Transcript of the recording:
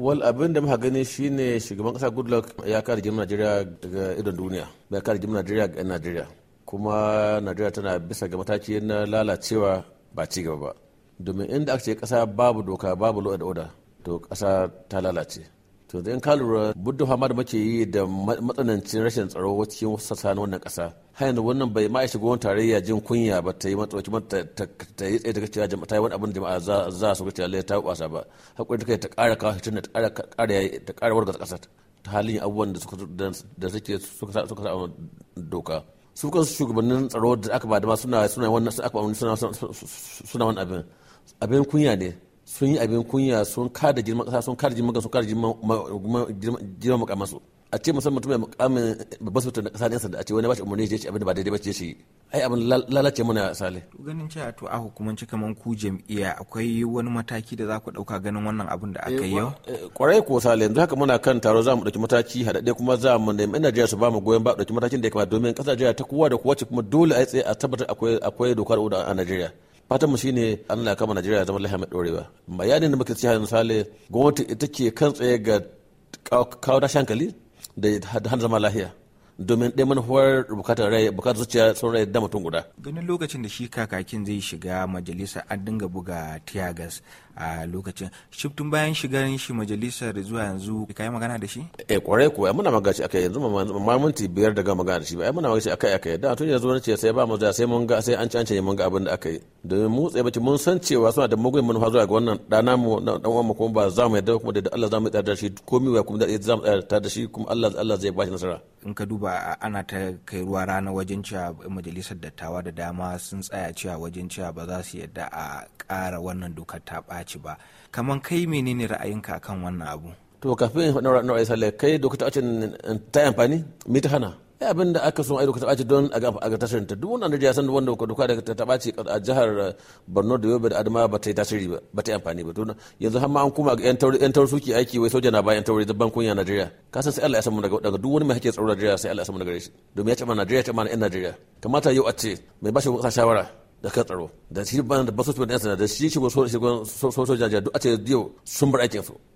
wal abin da muka gani shine shugaban kasa goodluck ya kare jimin najeriya daga idon duniya ya kare jimin najeriya ga najeriya kuma najeriya tana bisa ga mataki na lalacewa ba ci gaba ba domin inda aka ce kasa babu doka babu da oda to kasa ta lalace to da in ka lura budda fama da muke yi da matsanancin rashin tsaro cikin wasu sassa na wannan kasa har yanzu wannan bai ma shiga wani tarayya jin kunya ba ta yi matsoci ta yi tsaye daga cewa jama'a ta yi wani abin jama'a za su ga cewa ta kwasa ba hakuri ta kai ta ƙara kawo shi ta ƙara ta ƙara warga ƙasa ta halin abubuwan da suka suke suka sa suka sa doka su kansu shugabannin tsaro da aka ba da ma suna suna wannan suna wannan abin abin kunya ne sun yi abin kunya sun kada girman kasa sun kada girman sun kada girman su a ce musamman mutum mai mukamin babban sautin da kasa ne sanda a ce wani ba shi umarni ya ce abin da ba daidai ba ce shi ai abin lalace muna sale ganin cewa to a hukumance kaman ku jam'iyya akwai wani mataki da za ku dauka ganin wannan abin da aka yi eh, yau kwarai eh, ko sale yanzu haka muna kan taro za mu dauki mataki haɗaɗɗe kuma za mu nemi ina jiya su ba mu goyon ba dauki matakin da ya kamata domin ƙasa jiya ta kowa da kowace kuma dole a tsaye a tabbatar akwai doka da oda a Najeriya fatanmu ne Allah kama Najeriya zama lahiya mai dorewa bayanin da muka ci misali sale gwamnati ita ke kan tsaye ga kawo tashi hankali da hana zama lahiya domin ɗaya manufar bukatar rai bukatar zuciya sun rai da mutum guda. ganin lokacin da shi kakakin zai shiga majalisa an dinga buga tiyagas a lokacin shiftun bayan shigarin shi majalisar zuwa yanzu ka yi magana da shi? eh kwarai ko ai muna magana akai yanzu ma minti biyar daga magana da shi ba ai muna magana akai akai da tun yanzu wani ce sai ba mu sai mun ga sai an ci an ce mun ga abin da aka yi da mu tsaye mun san cewa suna da mugun manufa zuwa ga wannan dana mu dan uwan kuma ba za mu yarda kuma da Allah za mu tsaya da shi komai wa kuma da za mu tsaya da shi kuma Allah Allah zai ba shi nasara in ka duba ana ta kai ruwa rana wajen cewa majalisar dattawa da dama sun tsaya cewa wajen cewa ba za su yarda a ƙara wannan dokar ta ɓaci ba kaman kai menene ra'ayinka akan wannan abu to kafin na ra'ayi sallai kai dokar ta ta amfani me ta hana ya abin da aka so ai ka taɓaci don a ga tasirin ta duk wanda ya san wanda ka duka da ta taɓaci a jihar Borno da Yobe da Adama ba ta yi tasiri ba ba ta yi amfani ba to yanzu har ma an kuma ga yan tauri yan tauri suke aiki wai soja na bayan tauri da bankun ya Najeriya ka san sai Allah ya samu daga daga duk wani mai hakkin tsaro Najeriya sai Allah ya samu daga shi domin ya ce ma Najeriya ce ma yan Najeriya kamata yau a ce mai bashi kasa shawara da ka tsaro da shi ban da basu da yan sanda da shi shi sojoji duk a ce yau sun bar aikin su